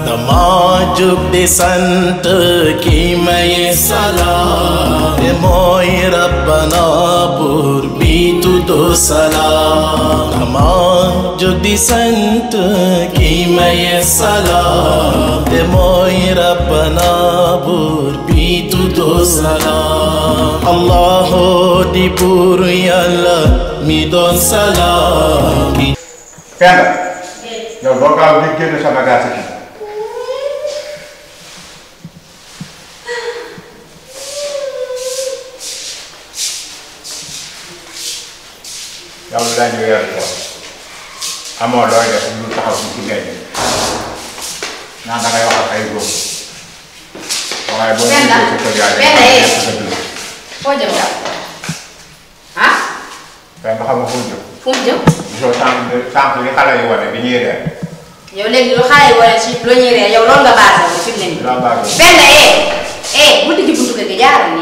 dama jug di sant ki may salaam te mooy rabbana buur bi tuddu salaam dama jug di sant ki may salaam te mooy rabbana buur bi tuddu salaam allahu di buur mi doon salaam. yow daa ñëw yor ko amoo looy def lu taxaw ci ngay def naan da ngay wax ak ay góob waaye boo ñëwee ci kër yaa ngi ah? xam nga fu mu jëm. fu mu jëm. gisoo tànk tànk li xale yi wane bi ñuy reer. yow léegi lu xale yi wane si lu ñuy reer yow loolu nga baasal fi mu ne nii. loolu laa baasal benn eh eh buntu ci buntu kër gi jaaral nii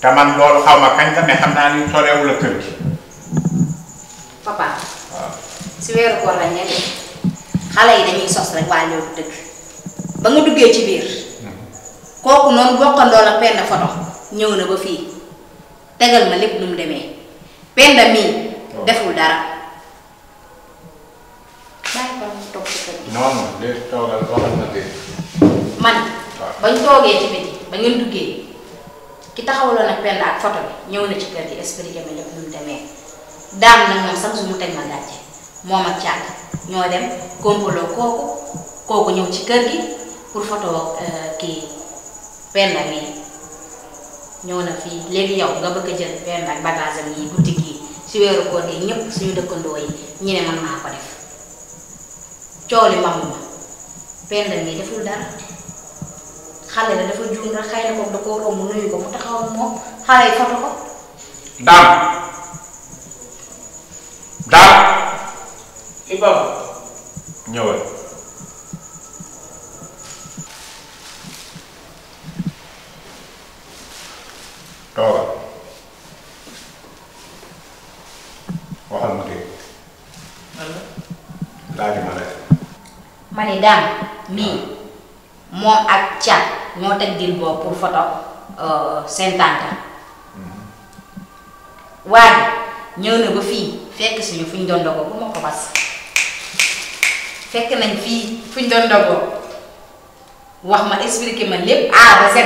te man loolu xaw ma kañ la mais xam naa ni sorewul a kër gi. papa. si weeru koor lañ ne xale yi dañuy sos rek waaye dëgg ba nga duggee ci biir kooku noonu bokkandoo la Penda Foto ñëw na ba fii tegal ma lépp nu mu demee Penda mii oh. deful dara. bàyyi ko mu toogee ci biti ba ngeen duggee. ki taxawaloon nag penda ak bi ñëw na ci kër gi expliqué ma lépp nu mu demee daan nag moom sax suñu teg ma laajte moom ak càkk ñoo dem kompaloo kooku kooku ñëw ci kër gi pour photo euh, kii penda mi ñëw na fii léegi yow nga bëgg a jël penda ak bagage yi guddi gii si weeru koor gi ñëpp suñu dëkkandoo yi ñu ne man maa ko def coow li mamu ma penda mi deful dara xale la dafa juum rek xëy na foofu da koo romb ko mu taxaw moom xale yi foto ko. daam daam. Ibrahima. ñëwal. toogal. waxal ma dégg. laaj ma ne. ma ne daam. mii moom ak Thiam. ñoo teg dil boobu pour photo euh, seen tànk waaye ñëw na ba fii fekk suñu fu ñu doon dogoo bu ma ko bas fekk nañ fii fu ñu doon dogoo wax ma expliqué ma lépp A ba Z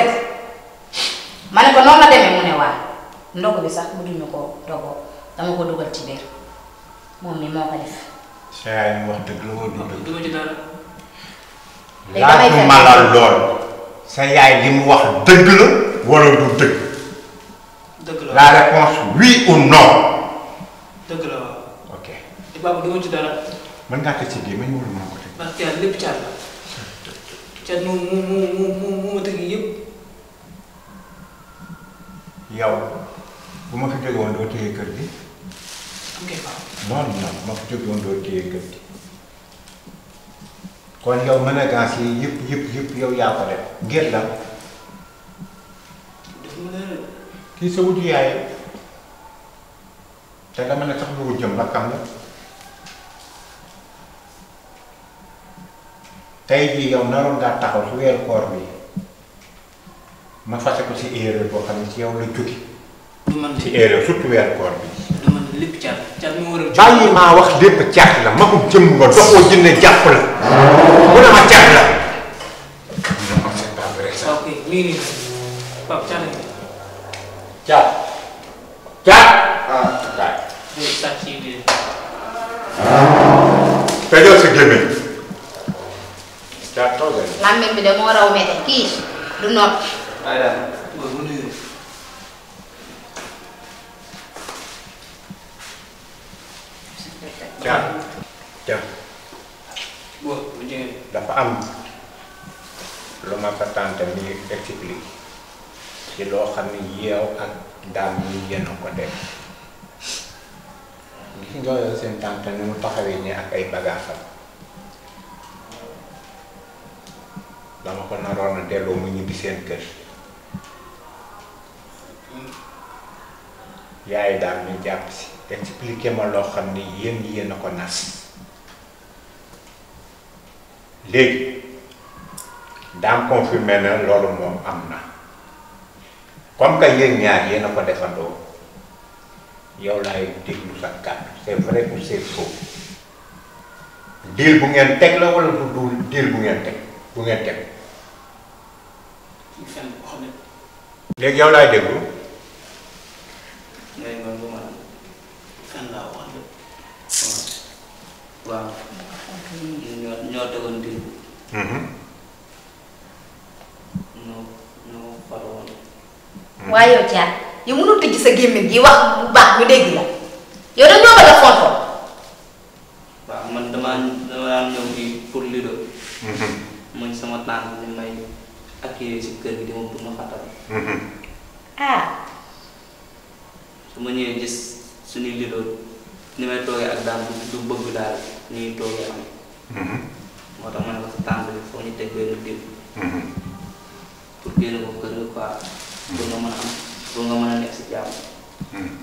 ma ko noonu la demee mu ne waa ndog bi sax mënuñu ko dogoo dama ko dugal ci biir moom mi moo ko def. saa wax dëgg la ko dund. dama ci dara. léegi lool. sa yaay li mu wax dëgg la wala du dëgg. dëgg la la réponse oui non. dëgg la waaw. dama ci dara. mën ngaa ko ci biir ma ñu wala ko teg. ndax caal lépp caal la. caal moom moom moom moom tëgg yëpp. yow bu ma fi jógee woon doo téye kër gi. non non ma fi jógee woon doo téye kër gi. kon yow managance yi yëpp yëpp yëpp yow yaa ko def ngir la kii sa wutu te la mën a sax lu jëm rakkam la tey jii yow naroon ngaa taxaw su weeru koor bi ma fase ko si erreur boo xam ne ci yow la jóge ci erreur surtout weer koor bi a. bàyyi maa wax lépp caat la ma ko jëm ba doxoo jënd jàpp la. mu la. ok mi ngi nii la. caat. caat. si biir. tëjal sa gémmiñ. caat toog la. kii du noppi. ca ca dafa am lu ma sa tànta mi explique ci loo xam ne yow ak daam yi yéen a ko def gis nga seen tànta ni mu taxawee nii ak ay bagaasam dama ko naroon a delloo mu ñibbi seen kër yaay daam ni jàpp si expliqué ma loo xam ne yéen yéen a ko nas léegi daam confirmé na loolu moom am na comme que yéen ñaar yéen a ko defandoo yow laay déglu sa kàddu c'est vrai ou c'est faux diil bu ngeen teg la wala du du diil bu ngeen teg bu ngeen teg léegi yow laay déglu ñoo mm-hmm. faroon. Mm-hmm. waaye yow Thiat yow mënul tëj sa gémmiñ gi wax bu baax ñu dégg la yow dañu ñoo bëgg a fonto. waaw man damaa dama daan ñëw fii pour Lido. Mm-hmm. mooy sama tànn ñu may accueillir si kër gi di ma pour ma xatal. ah. su ma ñëwee gis suñu Lido ni may toogee ak daan du bëgg daal ni toogee am. moo tax ma ne ko sa tànk bi foo ñu teg benn diw. Mhm. pour génn ko kër ga mhm. nga mën a am pour nga mën a nekk si jàmm. Mhm.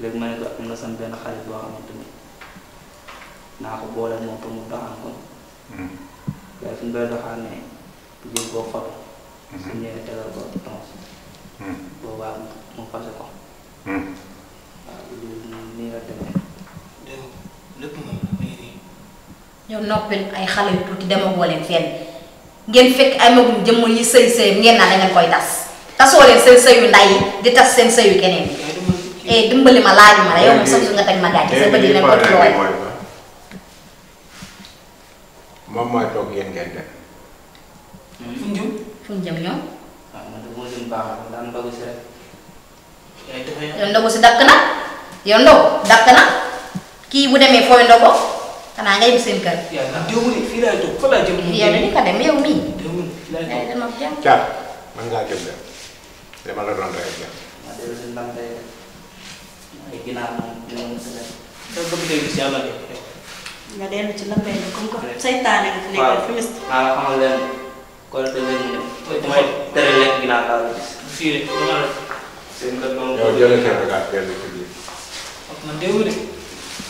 léegi ma ne ko am na sama benn xarit boo xamante ni naa ko boole moom pour doxaan ko. waaye suñu doy bu jël koo foto. suñu ñëwee tegal ko tontu. boobaa mu fase ko. yow noppil ay xale yu tuuti demagoo leen fenn ngeen fekk ay magum jëmm yi sëy sëy ngeen naa da ngeen koy tas tasoo leen seen sëyu nday yi di tas seen sëyu keneen. eh dimbali ma laaj ma la yow moom sax su nga teg ma gàcce sa bët yi ko looy. moom mooy toog yéen ngeen dem. fu ñu jëm fu ñu jëm ñoom. waaw ah, man de moo jëm baaxul daan ndogu si rek. Eh, yow ndogu si dakk na yow ndogu dakk na kii bu demee fooy ndogu. xanaa ngay dem seen kër. yaa ngi naan démb de fii laay toog fa laay jëm. yow dañu ko dem yow mii. démb fii laay toog dem ak jàmm. Thiam mën ngaa jëm dem dama la doon rek jàmm. waaw déedéet li mu daan day rek ay ginaar moom dina mën a def. dama bëgg tey gis yàlla de. nga dellu ci lambay bi comme que saytaane nga fi nekk fumiste. waaw maa xamal leen kon tey lañu ne. mooy tere lekk ginaar daal la gis. fii rek dama la. seen kër doomu. yow jëlee kër ga dellu ci biir. man démb de.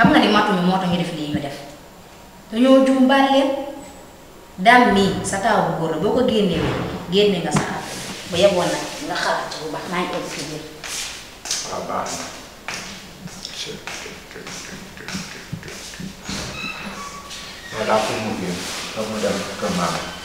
xam nga ni matuñu moo tax ñu def lii ñu def dañoo juum baal leen daam mii sa taaw bu góor boo ko génnee génne nga sa àll ba yeboon nag nga xalaat bu baax maa ngi egg ah, si biir.